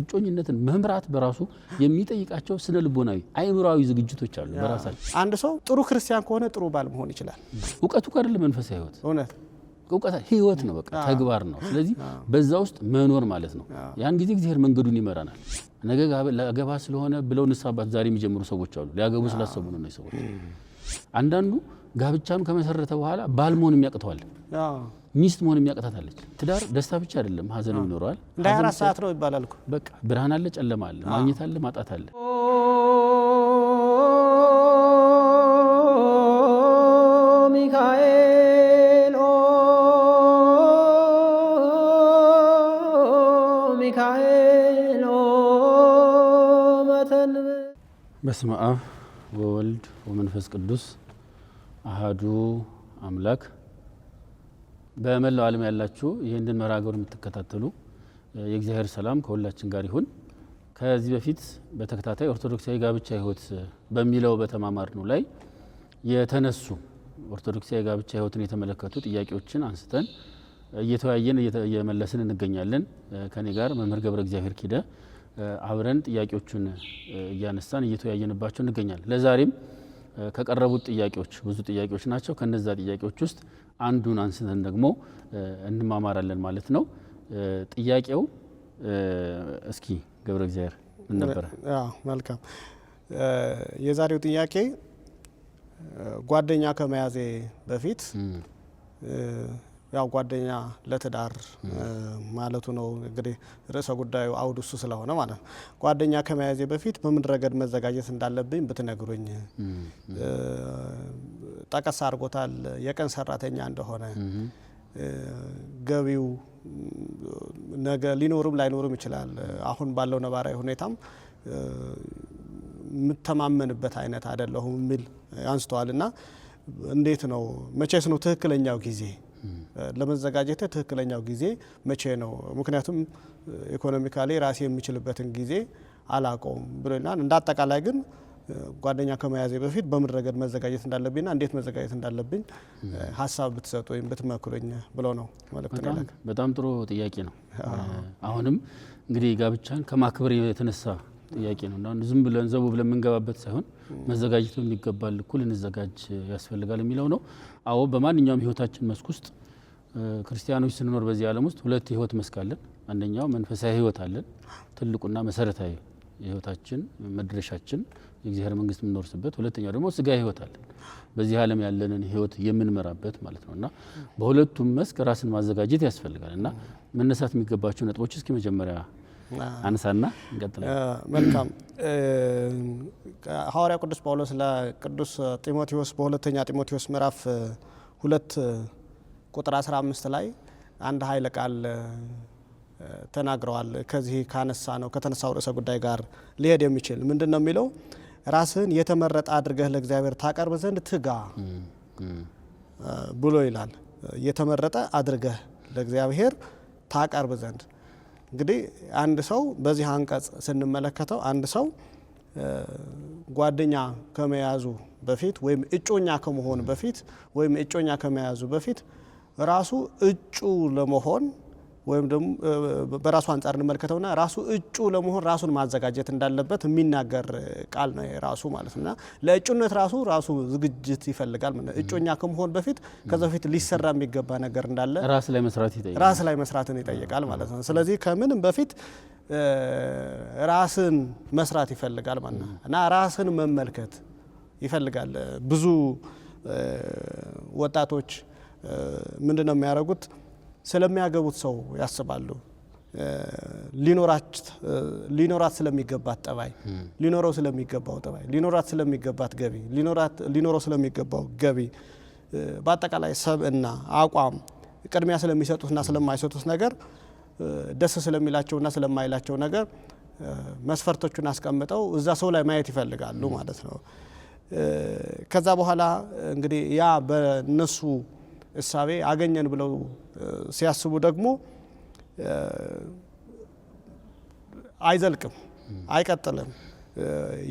እጮኝነትን መምራት በራሱ የሚጠይቃቸው ስነ ልቦናዊ አይምራዊ ዝግጅቶች አሉ። በራሳቸው አንድ ሰው ጥሩ ክርስቲያን ከሆነ ጥሩ ባል መሆን ይችላል። እውቀቱ ጋር መንፈሳዊ ህይወት እውነት እውቀት ህይወት ነው፣ በቃ ተግባር ነው። ስለዚህ በዛ ውስጥ መኖር ማለት ነው። ያን ጊዜ እግዚአብሔር መንገዱን ይመራናል። ነገ ለገባ ስለሆነ ብለው ንስሐ አባት ዛሬ የሚጀምሩ ሰዎች አሉ። ሊያገቡ ስላሰቡ ነው ሰዎች። አንዳንዱ ጋብቻን ከመሰረተ በኋላ ባል መሆን የሚያቅተዋል። ሚስት መሆን የሚያቀታታለች። ትዳር ደስታ ብቻ አይደለም፣ ሀዘንም ይኖረዋል። እንደ አራት ሰዓት ነው ይባላል እኮ በቃ ብርሃን አለ፣ ጨለማ አለ፣ ማግኘት አለ፣ ማጣት አለ። ሚካኤል ሚካኤል መተንብ በስመ አብ ወወልድ ወመንፈስ ቅዱስ አሃዱ አምላክ በመላው ዓለም ያላችሁ ይህንን መርሃ የምትከታተሉ የእግዚአብሔር ሰላም ከሁላችን ጋር ይሁን። ከዚህ በፊት በተከታታይ ኦርቶዶክሳዊ ጋብቻ ህይወት በሚለው በተማማር ነው ላይ የተነሱ ኦርቶዶክሳዊ ጋብቻ ህይወትን የተመለከቱ ጥያቄዎችን አንስተን እየተወያየን እየመለስን እንገኛለን። ከኔ ጋር መምህር ገብረ እግዚአብሔር ኪደ አብረን ጥያቄዎቹን እያነሳን እየተወያየንባቸው እንገኛለን። ለዛሬም ከቀረቡት ጥያቄዎች ብዙ ጥያቄዎች ናቸው። ከነዛ ጥያቄዎች ውስጥ አንዱን አንስተን ደግሞ እንማማራለን ማለት ነው። ጥያቄው እስኪ ገብረ እግዚአብሔር ምን ነበረ? መልካም። የዛሬው ጥያቄ ጓደኛ ከመያዜ በፊት ያው ጓደኛ ለትዳር ማለቱ ነው። እንግዲህ ርዕሰ ጉዳዩ አውድ እሱ ስለሆነ ማለት ነው። ጓደኛ ከመያዜ በፊት በምን ረገድ መዘጋጀት እንዳለብኝ ብትነግሩኝ። ጠቀስ አድርጎታል፣ የቀን ሰራተኛ እንደሆነ ገቢው ነገ ሊኖርም ላይኖርም ይችላል። አሁን ባለው ነባራዊ ሁኔታም የምተማመንበት አይነት አይደለሁም የሚል አንስተዋል። እና እንዴት ነው መቼስ ነው ትክክለኛው ጊዜ ለመዘጋጀት ትክክለኛው ጊዜ መቼ ነው? ምክንያቱም ኢኮኖሚካሊ ራሴ የምችልበትን ጊዜ አላውቀውም ብሎናል። እንደ አጠቃላይ ግን ጓደኛ ከመያዜ በፊት በምን ረገድ መዘጋጀት እንዳለብኝና እንዴት መዘጋጀት እንዳለብኝ ሀሳብ ብትሰጡ ወይም ብትመክሩኝ ብለው ነው መልእክት ነው። በጣም ጥሩ ጥያቄ ነው። አሁንም እንግዲህ ጋብቻን ከማክበር የተነሳ ጥያቄ ነው እና ዝም ብለን ዘቡ ብለን የምንገባበት ሳይሆን መዘጋጀት የሚገባል እኩል እንዘጋጅ ያስፈልጋል የሚለው ነው። አዎ በማንኛውም ህይወታችን መስክ ውስጥ ክርስቲያኖች ስንኖር በዚህ ዓለም ውስጥ ሁለት ህይወት መስክ አለን። አንደኛው መንፈሳዊ ህይወት አለን። ትልቁና መሰረታዊ የህይወታችን መድረሻችን የእግዚአብሔር መንግስት የምንኖርስበት፣ ሁለተኛው ደግሞ ስጋ ህይወት አለን። በዚህ ዓለም ያለንን ህይወት የምንመራበት ማለት ነው እና በሁለቱም መስክ ራስን ማዘጋጀት ያስፈልጋል እና መነሳት የሚገባቸው ነጥቦች እስኪ መጀመሪያ አንሳና መልካም ሐዋርያው ቅዱስ ጳውሎስ ለቅዱስ ጢሞቴዎስ በሁለተኛ ጢሞቴዎስ ምዕራፍ ሁለት ቁጥር 15 ላይ አንድ ኃይለ ቃል ተናግረዋል። ከዚህ ካነሳ ነው ከተነሳው ርዕሰ ጉዳይ ጋር ሊሄድ የሚችል ምንድን ነው የሚለው ራስህን የተመረጠ አድርገህ ለእግዚአብሔር ታቀርብ ዘንድ ትጋ ብሎ ይላል። የተመረጠ አድርገህ ለእግዚአብሔር ታቀርብ ዘንድ እንግዲህ አንድ ሰው በዚህ አንቀጽ ስንመለከተው አንድ ሰው ጓደኛ ከመያዙ በፊት ወይም እጮኛ ከመሆን በፊት ወይም እጮኛ ከመያዙ በፊት ራሱ እጩ ለመሆን ወይም ደግሞ በራሱ አንጻር እንመልከተውና ራሱ እጩ ለመሆን ራሱን ማዘጋጀት እንዳለበት የሚናገር ቃል ነው ራሱ ማለት ነውና ለእጩነት ራሱ ራሱ ዝግጅት ይፈልጋል። እጩኛ ከመሆን በፊት ከዛ በፊት ሊሰራ የሚገባ ነገር እንዳለ ራስ ላይ መስራት ይጠይቃል። ራስ ላይ መስራትን ይጠይቃል ማለት ነው። ስለዚህ ከምንም በፊት ራስን መስራት ይፈልጋል ማለት ነው እና ራስን መመልከት ይፈልጋል። ብዙ ወጣቶች ምንድነው የሚያደርጉት? ስለሚያገቡት ሰው ያስባሉ። ሊኖራት ስለሚገባት ጠባይ፣ ሊኖረው ስለሚገባው ጠባይ፣ ሊኖራት ስለሚገባት ገቢ፣ ሊኖረው ስለሚገባው ገቢ፣ በአጠቃላይ ሰብእና፣ አቋም፣ ቅድሚያ ስለሚሰጡትና ስለማይሰጡት ነገር ደስ ስለሚላቸውና ስለማይላቸው ነገር መስፈርቶቹን አስቀምጠው እዛ ሰው ላይ ማየት ይፈልጋሉ ማለት ነው። ከዛ በኋላ እንግዲህ ያ በነሱ እሳቤ አገኘን ብለው ሲያስቡ ደግሞ አይዘልቅም፣ አይቀጥልም፣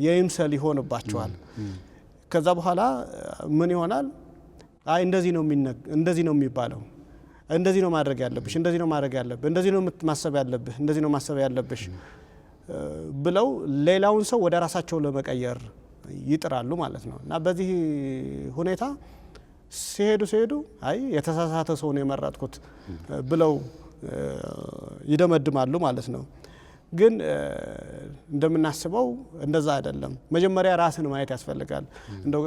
የይምሰል ይሆንባቸዋል። ከዛ በኋላ ምን ይሆናል? አይ እንደዚህ ነው እንደዚህ ነው የሚባለው እንደዚህ ነው ማድረግ ያለብሽ፣ እንደዚህ ነው ማድረግ ያለብህ፣ እንደዚህ ነው ማሰብ ያለብህ፣ እንደዚህ ነው ማሰብ ያለብሽ ብለው ሌላውን ሰው ወደ ራሳቸው ለመቀየር ይጥራሉ ማለት ነው እና በዚህ ሁኔታ ሲሄዱ ሲሄዱ አይ የተሳሳተ ሰው ነው የመረጥኩት ብለው ይደመድማሉ ማለት ነው። ግን እንደምናስበው እንደዛ አይደለም። መጀመሪያ ራስን ማየት ያስፈልጋል። እንደው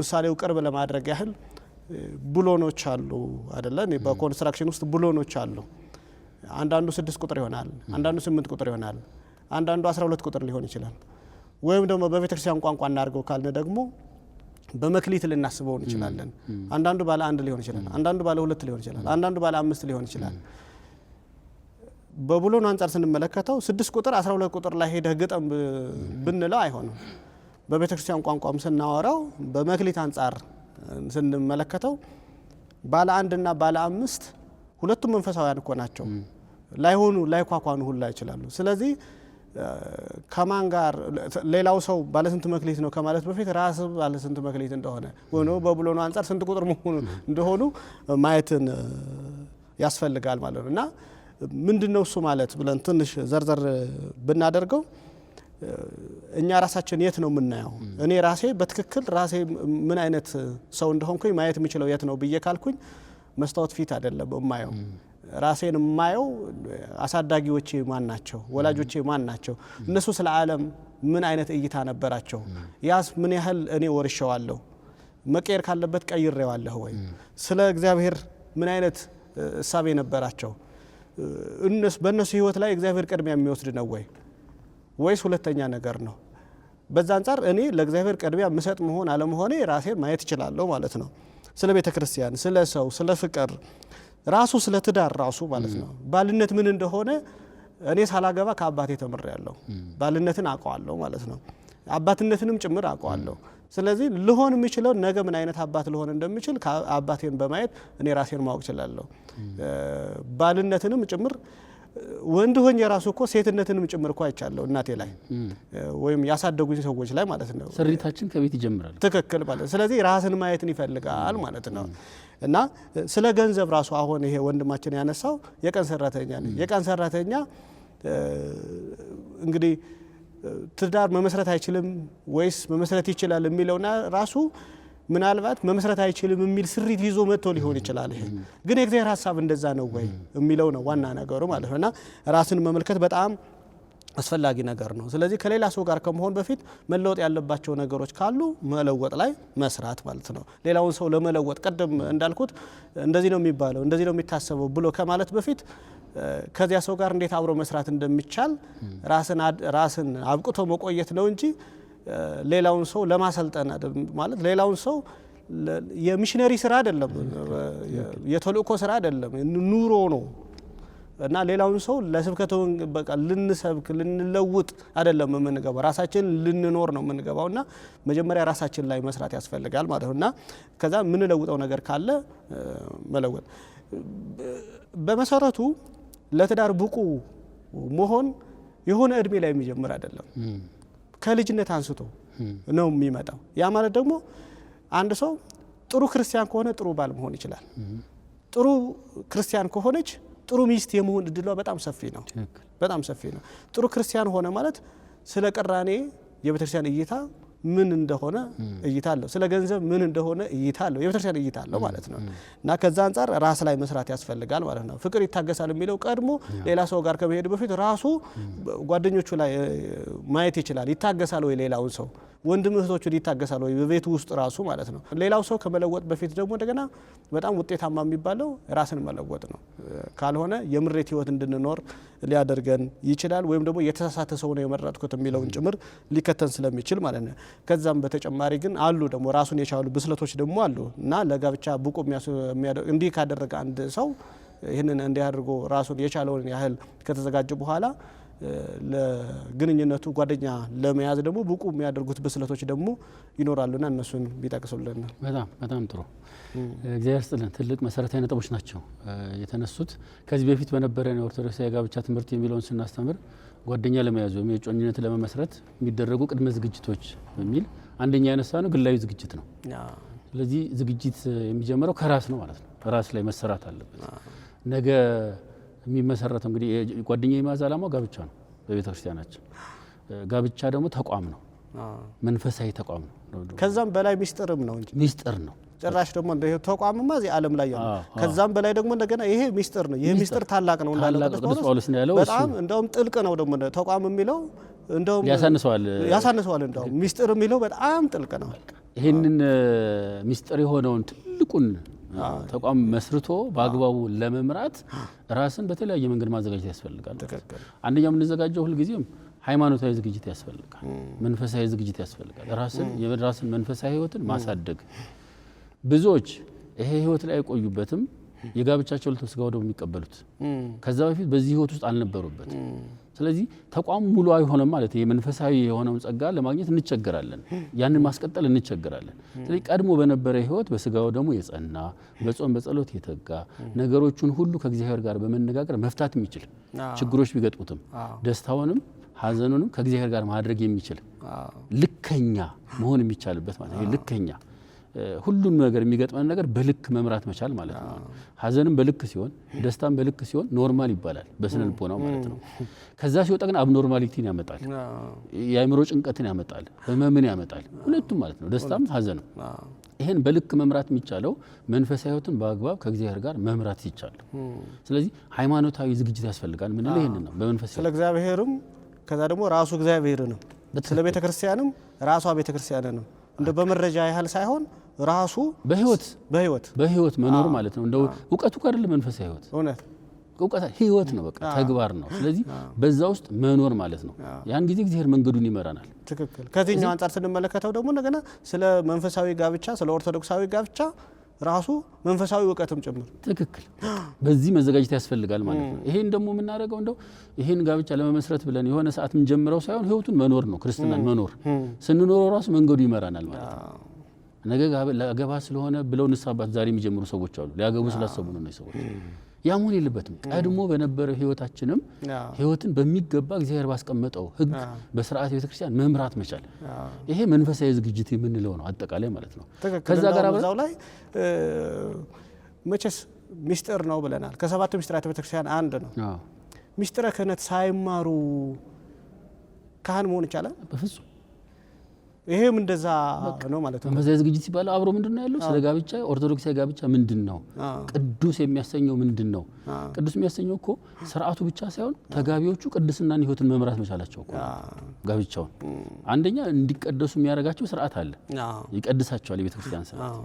ምሳሌው ቅርብ ለማድረግ ያህል ቡሎኖች አሉ አይደለ? በኮንስትራክሽን ውስጥ ቡሎኖች አሉ። አንዳንዱ ስድስት ቁጥር ይሆናል፣ አንዳንዱ ስምንት ቁጥር ይሆናል፣ አንዳንዱ አስራ ሁለት ቁጥር ሊሆን ይችላል። ወይም ደግሞ በቤተክርስቲያን ቋንቋ እናድርገው ካልን ደግሞ በመክሊት ልናስበው እንችላለን። አንዳንዱ ባለ አንድ ሊሆን ይችላል፣ አንዳንዱ ባለ ሁለት ሊሆን ይችላል፣ አንዳንዱ ባለ አምስት ሊሆን ይችላል። በቡሎን አንጻር ስንመለከተው ስድስት ቁጥር አስራ ሁለት ቁጥር ላይ ሄደህ ግጠም ብንለው አይሆንም። በቤተ ክርስቲያን ቋንቋም ስናወራው በመክሊት አንጻር ስንመለከተው ባለ አንድና ባለ አምስት ሁለቱም መንፈሳውያን እኮ ናቸው። ላይሆኑ ላይኳኳኑ ሁላ ይችላሉ። ስለዚህ ከማን ጋር ሌላው ሰው ባለስንት መክሊት ነው ከማለት በፊት ራስ ባለስንት መክሊት እንደሆነ ወይ በብሎኑ አንጻር ስንት ቁጥር መሆኑ እንደሆኑ ማየትን ያስፈልጋል ማለት ነው። እና ምንድን ነው እሱ ማለት ብለን ትንሽ ዘርዘር ብናደርገው እኛ ራሳችን የት ነው የምናየው? እኔ ራሴ በትክክል ራሴ ምን አይነት ሰው እንደሆንኩኝ ማየት የምችለው የት ነው ብዬ ካልኩኝ መስታወት ፊት አይደለም እማየው ራሴን የማየው አሳዳጊዎቼ ማን ናቸው? ወላጆቼ ማን ናቸው? እነሱ ስለ ዓለም ምን አይነት እይታ ነበራቸው? ያስ ምን ያህል እኔ ወርሸዋለሁ? መቀየር ካለበት ቀይሬዋለሁ ወይ? ስለ እግዚአብሔር ምን አይነት እሳቤ ነበራቸው? በእነሱ ህይወት ላይ እግዚአብሔር ቅድሚያ የሚወስድ ነው ወይ ወይስ ሁለተኛ ነገር ነው? በዛ አንጻር እኔ ለእግዚአብሔር ቅድሚያ የምሰጥ መሆን አለመሆኔ ራሴን ማየት እችላለሁ ማለት ነው። ስለ ቤተ ክርስቲያን፣ ስለ ሰው፣ ስለ ፍቅር፣ ራሱ ስለ ትዳር ራሱ ማለት ነው ባልነት ምን እንደሆነ እኔ ሳላገባ ከአባቴ ተምሬ ያለው ባልነትን አውቀዋለሁ ማለት ነው። አባትነትንም ጭምር አውቀዋለሁ። ስለዚህ ልሆን የሚችለው ነገ ምን አይነት አባት ልሆን እንደምችል አባቴን በማየት እኔ ራሴን ማወቅ እችላለሁ። ባልነትንም ጭምር ወንድ ሆኝ የራሱ እኮ ሴትነትንም ጭምር እኮ አይቻለሁ እናቴ ላይ ወይም ያሳደጉኝ ሰዎች ላይ ማለት ነው። ስሪታችን ከቤት ይጀምራል። ትክክል ማለት ስለዚህ ራስን ማየትን ይፈልጋል ማለት ነው። እና ስለ ገንዘብ ራሱ አሁን ይሄ ወንድማችን ያነሳው የቀን ሰራተኛ የቀን ሰራተኛ እንግዲህ ትዳር መመስረት አይችልም ወይስ መመስረት ይችላል የሚለውና ራሱ ምናልባት መመስረት አይችልም የሚል ስሪት ይዞ መጥቶ ሊሆን ይችላል። ይሄ ግን የእግዚአብሔር ሀሳብ እንደዛ ነው ወይ የሚለው ነው ዋና ነገሩ ማለት ነው። እና ራስን መመልከት በጣም አስፈላጊ ነገር ነው። ስለዚህ ከሌላ ሰው ጋር ከመሆን በፊት መለወጥ ያለባቸው ነገሮች ካሉ መለወጥ ላይ መስራት ማለት ነው። ሌላውን ሰው ለመለወጥ ቀደም እንዳልኩት እንደዚህ ነው የሚባለው እንደዚህ ነው የሚታሰበው ብሎ ከማለት በፊት ከዚያ ሰው ጋር እንዴት አብሮ መስራት እንደሚቻል ራስን አብቅቶ መቆየት ነው እንጂ ሌላውን ሰው ለማሰልጠን ማለት ሌላውን ሰው የሚሽነሪ ስራ አይደለም፣ የተልእኮ ስራ አይደለም፣ ኑሮ ነው እና ሌላውን ሰው ለስብከቱ በቃ ልንሰብክ ልንለውጥ አይደለም የምንገባው፣ ራሳችን ልንኖር ነው የምንገባው እና መጀመሪያ ራሳችን ላይ መስራት ያስፈልጋል ማለት ነው እና ከዛ የምንለውጠው ነገር ካለ መለወጥ በመሰረቱ ለትዳር ብቁ መሆን የሆነ እድሜ ላይ የሚጀምር አይደለም። ከልጅነት አንስቶ ነው የሚመጣው። ያ ማለት ደግሞ አንድ ሰው ጥሩ ክርስቲያን ከሆነ ጥሩ ባል መሆን ይችላል። ጥሩ ክርስቲያን ከሆነች ጥሩ ሚስት የመሆን እድሏ በጣም ሰፊ ነው፣ በጣም ሰፊ ነው። ጥሩ ክርስቲያን ሆነ ማለት ስለ ቅራኔ የቤተክርስቲያን እይታ ምን እንደሆነ እይታ አለው። ስለ ገንዘብ ምን እንደሆነ እይታ አለው። የቤተክርስቲያን እይታ አለው ማለት ነው እና ከዛ አንጻር ራስ ላይ መስራት ያስፈልጋል ማለት ነው። ፍቅር ይታገሳል የሚለው ቀድሞ ሌላ ሰው ጋር ከመሄድ በፊት ራሱ ጓደኞቹ ላይ ማየት ይችላል። ይታገሳል ወይ ሌላውን ሰው ወንድም እህቶቹ ይታገሳል ወይ በቤቱ ውስጥ ራሱ ማለት ነው። ሌላው ሰው ከመለወጥ በፊት ደግሞ እንደገና በጣም ውጤታማ የሚባለው ራስን መለወጥ ነው። ካልሆነ የምሬት ህይወት እንድንኖር ሊያደርገን ይችላል። ወይም ደግሞ የተሳሳተ ሰው ነው የመረጥኩት የሚለውን ጭምር ሊከተን ስለሚችል ማለት ነው። ከዛም በተጨማሪ ግን አሉ ደግሞ ራሱን የቻሉ ብስለቶች ደግሞ አሉ እና ለጋብቻ ብቁ እንዲህ ካደረገ አንድ ሰው ይህንን እንዲያደርጎ ራሱን የቻለውን ያህል ከተዘጋጀ በኋላ ለግንኙነቱ ጓደኛ ለመያዝ ደግሞ ብቁ የሚያደርጉት ብስለቶች ደግሞ ይኖራሉና እነሱን ቢጠቅሱልን በጣም በጣም ጥሩ። እግዚአብሔር ስጥልን። ትልቅ መሰረታዊ ነጥቦች ናቸው የተነሱት። ከዚህ በፊት በነበረን ኦርቶዶክሳዊ የጋብቻ ትምህርት የሚለውን ስናስተምር ጓደኛ ለመያዝ ወይም የጮኝነት ለመመስረት የሚደረጉ ቅድመ ዝግጅቶች በሚል አንደኛ ያነሳ ነው ግላዊ ዝግጅት ነው። ስለዚህ ዝግጅት የሚጀምረው ከራስ ነው ማለት ነው። ራስ ላይ መሰራት አለበት ነገ የሚመሰረተው እንግዲህ ጓደኛ የመያዝ ዓላማው ጋብቻ ነው በቤተ ክርስቲያናችን። ጋብቻ ደግሞ ተቋም ነው፣ መንፈሳዊ ተቋም ነው። ከዛም በላይ ሚስጥርም ነው እንጂ ሚስጥር ነው ጭራሽ ደግሞ እንደ ተቋምማ እዚህ ዓለም ላይ ያለው ከዛም በላይ ደግሞ እንደገና ይሄ ሚስጥር ነው። ይሄ ሚስጥር ታላቅ ነው እንዳለ ቅዱስ ጳውሎስ ነው ያለው። በጣም እንደውም ጥልቅ ነው ደግሞ ተቋም የሚለው እንደውም ያሳንሰዋል ያሳንሰዋል። እንደውም ሚስጥር የሚለው በጣም ጥልቅ ነው። ይህንን ሚስጥር የሆነውን ትልቁን ተቋም መስርቶ በአግባቡ ለመምራት ራስን በተለያየ መንገድ ማዘጋጀት ያስፈልጋል። አንደኛው የምንዘጋጀው ሁልጊዜም ሃይማኖታዊ ዝግጅት ያስፈልጋል፣ መንፈሳዊ ዝግጅት ያስፈልጋል። ራስን የራስን መንፈሳዊ ህይወትን ማሳደግ ብዙዎች ይሄ ህይወት ላይ አይቆዩበትም የጋብቻቸው ዕለትም ስጋ ወደሙ የሚቀበሉት ከዛ በፊት በዚህ ህይወት ውስጥ አልነበሩበት። ስለዚህ ተቋም ሙሉ አይሆነም ማለት የመንፈሳዊ የሆነውን ጸጋ ለማግኘት እንቸገራለን፣ ያንን ማስቀጠል እንቸገራለን። ስለዚህ ቀድሞ በነበረ ህይወት በስጋው ደግሞ የጸና በጾም በጸሎት የተጋ ነገሮቹን ሁሉ ከእግዚአብሔር ጋር በመነጋገር መፍታት የሚችል ችግሮች ቢገጥሙትም ደስታውንም ሀዘኑንም ከእግዚአብሔር ጋር ማድረግ የሚችል ልከኛ መሆን የሚቻልበት ማለት ልከኛ ሁሉን ነገር የሚገጥመን ነገር በልክ መምራት መቻል ማለት ነው። ሀዘንም በልክ ሲሆን፣ ደስታም በልክ ሲሆን ኖርማል ይባላል በስነ ልቦናው ማለት ነው። ከዛ ሲወጣ ግን አብኖርማሊቲን ያመጣል፣ የአእምሮ ጭንቀትን ያመጣል፣ ህመምን ያመጣል። ሁለቱም ማለት ነው፣ ደስታም ሀዘንም። ይሄን በልክ መምራት የሚቻለው መንፈሳዊ ህይወትን በአግባብ ከእግዚአብሔር ጋር መምራት ሲቻል። ስለዚህ ሃይማኖታዊ ዝግጅት ያስፈልጋል ምንለ ይህን ነው። በመንፈስ ስለ እግዚአብሔርም ከዛ ደግሞ ራሱ እግዚአብሔር ነው። ስለ ቤተክርስቲያንም ራሷ ቤተክርስቲያን ነው። እንደ በመረጃ ያህል ሳይሆን ራሱ በህይወት በህይወት በህይወት መኖር ማለት ነው። እንደው እውቀቱ ጋር አይደለም መንፈሳዊ ህይወት እውነት እውቀት ህይወት ነው፣ በቃ ተግባር ነው። ስለዚህ በዛ ውስጥ መኖር ማለት ነው። ያን ጊዜ እግዚአብሔር መንገዱን ይመራናል። ትክክል። ከዚህኛው አንጻር ስንመለከተው ደግሞ እንደገና ስለ መንፈሳዊ ጋብቻ፣ ስለ ኦርቶዶክሳዊ ጋብቻ ራሱ መንፈሳዊ እውቀትም ጭምር ትክክል። በዚህ መዘጋጀት ያስፈልጋል ማለት ነው። ይሄን ደግሞ የምናደርገው እንደው ይሄን ጋብቻ ለመመስረት ብለን የሆነ ሰዓት የምንጀምረው ሳይሆን ህይወቱን መኖር ነው። ክርስትናን መኖር ስንኖረው ራሱ መንገዱ ይመራናል ማለት ነው። ነገ ገባ ስለሆነ ብለው ንስሐ አባት ዛሬ የሚጀምሩ ሰዎች አሉ። ሊያገቡ ስላሰቡ ነው እነዚህ ሰዎች። ያ መሆን የለበትም። ቀድሞ በነበረው ህይወታችንም ህይወትን በሚገባ እግዚአብሔር ባስቀመጠው ህግ በስርዓት ቤተክርስቲያን መምራት መቻል፣ ይሄ መንፈሳዊ ዝግጅት የምንለው ነው አጠቃላይ ማለት ነው። ከዛ ጋር በዛው ላይ መቼስ ሚስጥር ነው ብለናል። ከሰባቱ ሚስጥራት ቤተክርስቲያን አንድ ነው። ሚስጥረ ክህነት ሳይማሩ ካህን መሆን ይቻላል በፍጹም ይሄም እንደዛ ነው ማለት ነው። በዚያ ዝግጅት ሲባል አብሮ ምንድን ነው ያለው? ስለ ጋብቻ ኦርቶዶክሳዊ ጋብቻ ምንድን ነው? ቅዱስ የሚያሰኘው ምንድን ነው? ቅዱስ የሚያሰኘው እኮ ስርዓቱ ብቻ ሳይሆን ተጋቢዎቹ ቅድስናን ህይወትን መምራት መቻላቸው እኮ ጋብቻውን። አንደኛ እንዲቀደሱ የሚያደርጋቸው ስርዓት አለ፣ ይቀድሳቸዋል። የቤተ ክርስቲያን ስርዓት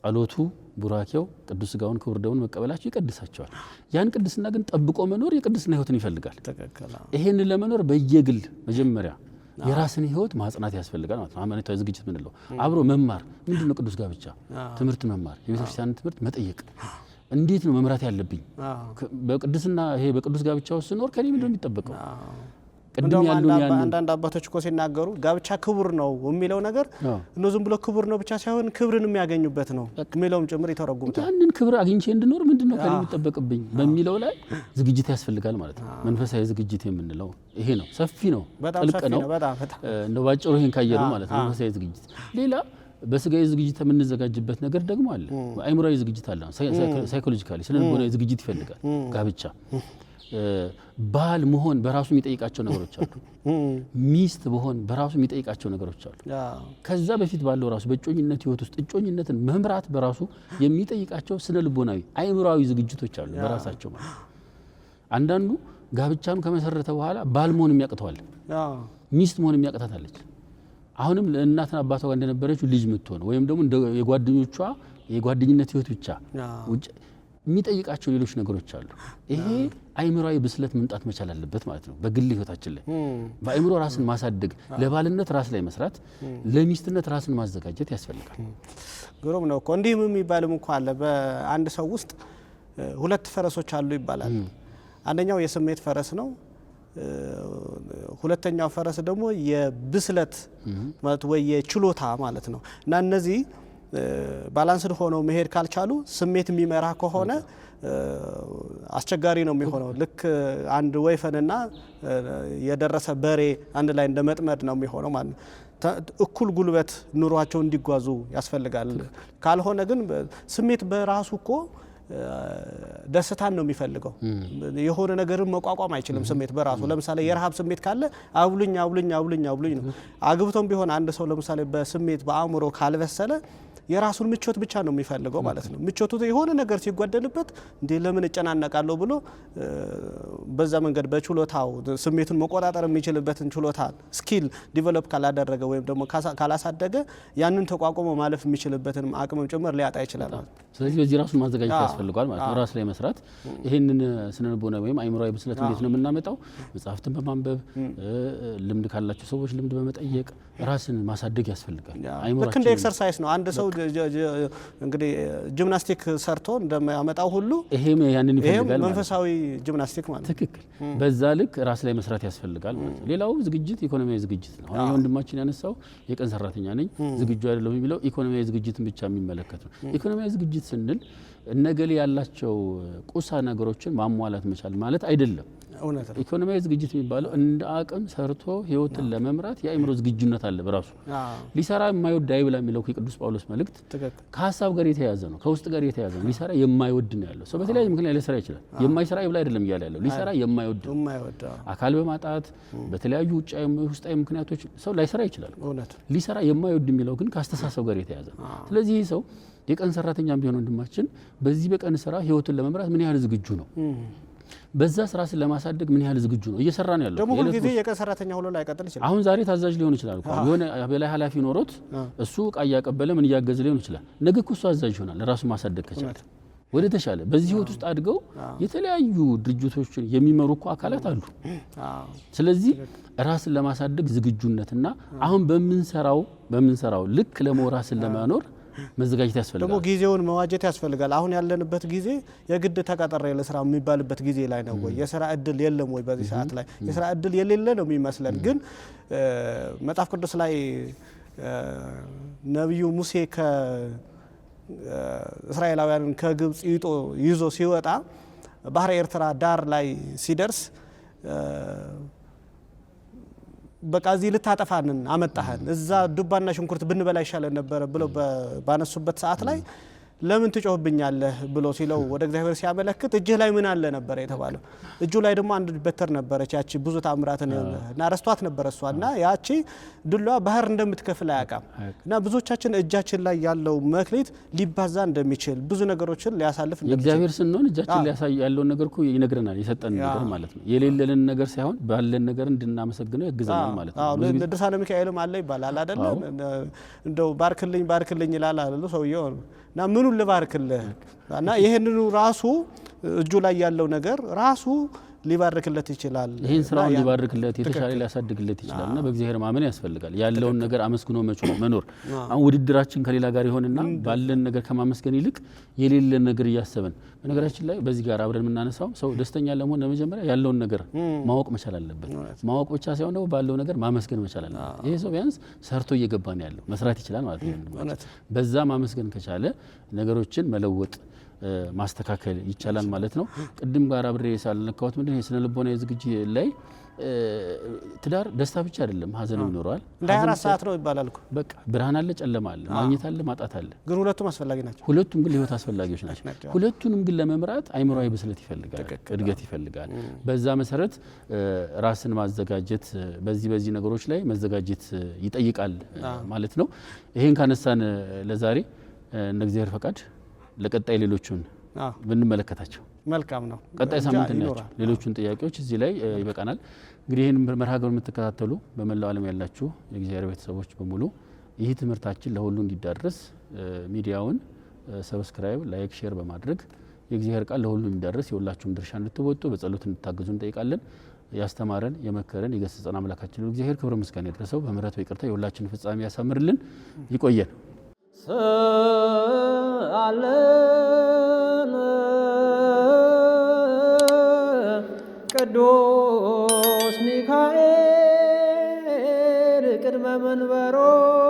ጸሎቱ፣ ቡራኬው፣ ቅዱስ ስጋውን ክቡር ደሙን መቀበላቸው ይቀድሳቸዋል። ያን ቅድስና ግን ጠብቆ መኖር የቅድስና ህይወትን ይፈልጋል። ይሄን ለመኖር በየግል መጀመሪያ የራስን ህይወት ማጽናት ያስፈልጋል ማለት ነው። ሃይማኖታዊ ዝግጅት ምንለው አብሮ መማር ምንድን ነው? ቅዱስ ጋብቻ ትምህርት መማር፣ የቤተክርስቲያን ትምህርት መጠየቅ፣ እንዴት ነው መምራት ያለብኝ በቅድስና ይሄ በቅዱስ ጋብቻ ውስጥ ስኖር ከኔ ምንድን ነው የሚጠበቀው ቅድም ያሉ አንዳንድ አባቶች እኮ ሲናገሩ ጋብቻ ክቡር ነው የሚለው ነገር እነ ዝም ብሎ ክቡር ነው ብቻ ሳይሆን ክብርን የሚያገኙበት ነው የሚለውም ጭምር ይተረጉምታል። ያንን ክብር አግኝቼ እንድኖር ምንድን ነው የሚጠበቅብኝ በሚለው ላይ ዝግጅት ያስፈልጋል ማለት ነው። መንፈሳዊ ዝግጅት የምንለው ይሄ ነው። ሰፊ ነው፣ ጥልቅ ነው። እንደ ባጭሩ ይሄን ካየሉ ማለት ነው መንፈሳዊ ዝግጅት ሌላ በስጋዊ ዝግጅት የምንዘጋጅበት ነገር ደግሞ አለ። አይምራዊ ዝግጅት አለ። ሳይኮሎጂካሊ ስነ ዝግጅት ይፈልጋል ጋብቻ ባል መሆን በራሱ የሚጠይቃቸው ነገሮች አሉ። ሚስት መሆን በራሱ የሚጠይቃቸው ነገሮች አሉ። ከዛ በፊት ባለው ራሱ በእጮኝነት ህይወት ውስጥ እጮኝነትን መምራት በራሱ የሚጠይቃቸው ስነ ልቦናዊ፣ አእምሯዊ ዝግጅቶች አሉ በራሳቸው ማለት አንዳንዱ ጋብቻም ከመሰረተ በኋላ ባል መሆን የሚያቅተዋል፣ ሚስት መሆን የሚያቅታታለች። አሁንም ለእናትና አባቷ ጋር እንደነበረችው ልጅ የምትሆን ወይም ደግሞ የጓደኞቿ የጓደኝነት ህይወት ብቻ ውጭ የሚጠይቃቸው ሌሎች ነገሮች አሉ ይሄ አይምሯዊ ብስለት መምጣት መቻል አለበት ማለት ነው። በግል ህይወታችን ላይ በአይምሮ ራስን ማሳደግ፣ ለባልነት ራስ ላይ መስራት፣ ለሚስትነት ራስን ማዘጋጀት ያስፈልጋል። ግሩም ነው እኮ እንዲህም የሚባልም እኮ አለ። በአንድ ሰው ውስጥ ሁለት ፈረሶች አሉ ይባላል። አንደኛው የስሜት ፈረስ ነው። ሁለተኛው ፈረስ ደግሞ የብስለት ማለት ወይ የችሎታ ማለት ነው እና እነዚህ ባላንስድ ሆነው መሄድ ካልቻሉ ስሜት የሚመራ ከሆነ አስቸጋሪ ነው የሚሆነው። ልክ አንድ ወይፈንና የደረሰ በሬ አንድ ላይ እንደ መጥመድ ነው የሚሆነው ማለት ነው። እኩል ጉልበት ኑሯቸው እንዲጓዙ ያስፈልጋል። ካልሆነ ግን ስሜት በራሱ እኮ ደስታን ነው የሚፈልገው። የሆነ ነገርን መቋቋም አይችልም ስሜት በራሱ ለምሳሌ የረሃብ ስሜት ካለ አብሉኝ አብሉኝ አብሉኝ አብሉኝ ነው። አግብቶም ቢሆን አንድ ሰው ለምሳሌ በስሜት በአእምሮ ካልበሰለ የራሱን ምቾት ብቻ ነው የሚፈልገው ማለት ነው። ምቾቱ የሆነ ነገር ሲጓደልበት እንዴ ለምን እጨናነቃለሁ ብሎ በዛ መንገድ በችሎታው ስሜቱን መቆጣጠር የሚችልበትን ችሎታ ስኪል ዲቨሎፕ ካላደረገ ወይም ደግሞ ካላሳደገ ያንን ተቋቁሞ ማለፍ የሚችልበትን አቅምም ጭምር ሊያጣ ይችላል። ስለዚህ በዚህ ራሱን ማዘጋጀት ያስፈልጓል ማለት ነው። ራስ ላይ መስራት ይህንን ስነልቦና ወይም አይምሮዊ ብስለት እንዴት ነው የምናመጣው? መጽሐፍትን በማንበብ ልምድ ካላቸው ሰዎች ልምድ በመጠየቅ ራስን ማሳደግ ያስፈልጋል። ልክ እንደ ኤክሰርሳይዝ ነው። አንድ ሰው እንግዲህ ጂምናስቲክ ሰርቶ እንደሚያመጣው ሁሉ ይሄም ያንን ይፈልጋል። መንፈሳዊ ጂምናስቲክ ማለት ትክክል። በዛ ልክ ራስ ላይ መስራት ያስፈልጋል ማለት ነው። ሌላው ዝግጅት ኢኮኖሚያዊ ዝግጅት ነው። አሁን ወንድማችን ያነሳው የቀን ሰራተኛ ነኝ ዝግጁ አይደለም የሚለው ኢኮኖሚያዊ ዝግጅትን ብቻ የሚመለከት ነው። ኢኮኖሚያዊ ዝግጅት ስንል እነገሌ ያላቸው ቁሳ ነገሮችን ማሟላት መቻል ማለት አይደለም። ኢኮኖሚያዊ ዝግጅት የሚባለው እንደ አቅም ሰርቶ ህይወትን ለመምራት የአእምሮ ዝግጁነት አለ። በራሱ ሊሰራ የማይወድ አይብላ የሚለው የቅዱስ ጳውሎስ መልእክት ከሀሳብ ጋር የተያያዘ ነው፣ ከውስጥ ጋር የተያዘ ነው። ሊሰራ የማይወድ ነው ያለው ሰው በተለያየ ምክንያት ሊሰራ ይችላል። የማይሰራ አይብላ አይደለም እያለ ያለው ሊሰራ የማይወድ አካል በማጣት በተለያዩ ውጫዊ ውስጣዊ ምክንያቶች ሰው ላይሰራ ይችላል። ሊሰራ የማይወድ የሚለው ግን ከአስተሳሰብ ጋር የተያዘ ነው። ስለዚህ ይህ ሰው የቀን ሰራተኛም ቢሆን ወንድማችን በዚህ በቀን ስራ ህይወቱን ለመምራት ምን ያህል ዝግጁ ነው? በዛ ስራ ስን ለማሳደግ ምን ያህል ዝግጁ ነው? እየሰራ ነው ያለው። ደግሞ ሁልጊዜ የቀን ሰራተኛ ሆኖ ላይቀጥል ይችላል። አሁን ዛሬ ታዛዥ ሊሆን ይችላል እኮ የሆነ በላይ ኃላፊ ኖሮት እሱ እቃ እያቀበለ ምን እያገዘ ሊሆን ይችላል። ነገ እኮ እሱ አዛዥ ይሆናል። ለራሱ ማሳደግ ከቻለ ወደ ተሻለ በዚህ ህይወት ውስጥ አድገው የተለያዩ ድርጅቶችን የሚመሩ እኮ አካላት አሉ። ስለዚህ ራስን ለማሳደግ ዝግጁነትና አሁን በምንሰራው በምንሰራው ልክ ለሞ ራስን ለማኖር መዘጋጀት ያስፈልጋል። ደግሞ ጊዜውን መዋጀት ያስፈልጋል። አሁን ያለንበት ጊዜ የግድ ተቀጠረ ለስራ የሚባልበት ጊዜ ላይ ነው ወይ? የስራ እድል የለም ወይ? በዚህ ሰዓት ላይ የስራ እድል የሌለ ነው የሚመስለን። ግን መጽሐፍ ቅዱስ ላይ ነቢዩ ሙሴ ከእስራኤላውያንን ከግብፅ ይዞ ሲወጣ ባህረ ኤርትራ ዳር ላይ ሲደርስ በቃ እዚህ ልታጠፋንን አመጣህን፣ እዛ ዱባና ሽንኩርት ብንበላ ይሻለን ነበረ ብለው ባነሱበት ሰዓት ላይ ለምን ትጮህብኛለህ ብሎ ሲለው ወደ እግዚአብሔር ሲያመለክት እጅህ ላይ ምን አለ ነበር የተባለው። እጁ ላይ ደግሞ አንድ በትር ነበረች። ያቺ ብዙ ታምራትን እና ረስቷት ነበረ እሷ እና ያቺ ድሏ ባህር እንደምትከፍል አያውቃም። እና ብዙዎቻችን እጃችን ላይ ያለው መክሊት ሊባዛ እንደሚችል ብዙ ነገሮችን ሊያሳልፍ እግዚአብሔር ስንሆን እጃችን ሊያሳይ ያለውን ነገር እኮ ይነግረናል። የሰጠን ነገር ማለት ነው። የሌለንን ነገር ሳይሆን ባለን ነገር እንድናመሰግነው ያግዘናል ማለት ነው። ድርሳነ ሚካኤልም አለ ይባላል አደለም? እንደው ባርክልኝ ባርክልኝ ይላል አለ ሰውየው እና ምኑን ልባርክልህ እና ይህንኑ ራሱ እጁ ላይ ያለው ነገር ራሱ ሊባርክለት ይችላል። ይህን ስራ ሊባርክለት የተሻለ ሊያሳድግለት ይችላል እና በእግዚአብሔር ማመን ያስፈልጋል። ያለውን ነገር አመስግኖ መኖር አሁን ውድድራችን ከሌላ ጋር ይሆንና ባለን ነገር ከማመስገን ይልቅ የሌለን ነገር እያሰብን በነገራችን ላይ በዚህ ጋር አብረን የምናነሳው ሰው ደስተኛ ለመሆን ለመጀመሪያ ያለውን ነገር ማወቅ መቻል አለበት። ማወቅ ብቻ ሳይሆን ደግሞ ባለው ነገር ማመስገን መቻል አለበት። ይሄ ሰው ቢያንስ ሰርቶ እየገባ ነው ያለው መስራት ይችላል ማለት ነው። በዛ ማመስገን ከቻለ ነገሮችን መለወጥ ማስተካከል ይቻላል ማለት ነው። ቅድም ጋር አብሬ ሳልነካሁት ምንድን የስነ ልቦና ዝግጅት ላይ ትዳር ደስታ ብቻ አይደለም፣ ሀዘንም ይኖረዋል። እንደ አራት ሰዓት ነው ይባላል እኮ በቃ ብርሃን አለ፣ ጨለማ አለ፣ ማግኘት አለ፣ ማጣት አለ። ግን ሁለቱም አስፈላጊ ናቸው። ሁለቱም ግን ለህይወት አስፈላጊዎች ናቸው። ሁለቱንም ግን ለመምራት አይምሮዊ ብስለት ይፈልጋል፣ እድገት ይፈልጋል። በዛ መሰረት ራስን ማዘጋጀት በዚህ በዚህ ነገሮች ላይ መዘጋጀት ይጠይቃል ማለት ነው። ይሄን ካነሳን ለዛሬ እንደ እግዚአብሔር ፈቃድ ለቀጣይ ሌሎቹን ብንመለከታቸው መልካም ነው። ቀጣይ ሳምንት እናያቸው ሌሎቹን ጥያቄዎች። እዚህ ላይ ይበቃናል። እንግዲህ ይህን መርሃ ግብር የምትከታተሉ በመላው ዓለም ያላችሁ የእግዚአብሔር ቤተሰቦች በሙሉ ይህ ትምህርታችን ለሁሉ እንዲዳረስ ሚዲያውን ሰብስክራይብ፣ ላይክ፣ ሼር በማድረግ የእግዚአብሔር ቃል ለሁሉ እንዲዳረስ የሁላችሁም ድርሻ እንድትወጡ በጸሎት እንድታግዙ እንጠይቃለን። ያስተማረን የመከረን የገሰጸን አምላካችን እግዚአብሔር ክብረ ምስጋና የደረሰው በምሕረቱ ይቅርታ የሁላችን ፍጻሜ ያሳምርልን። ይቆየን። ሰአለን ቅዱስ ሚካኤል ቅድመ መንበሮ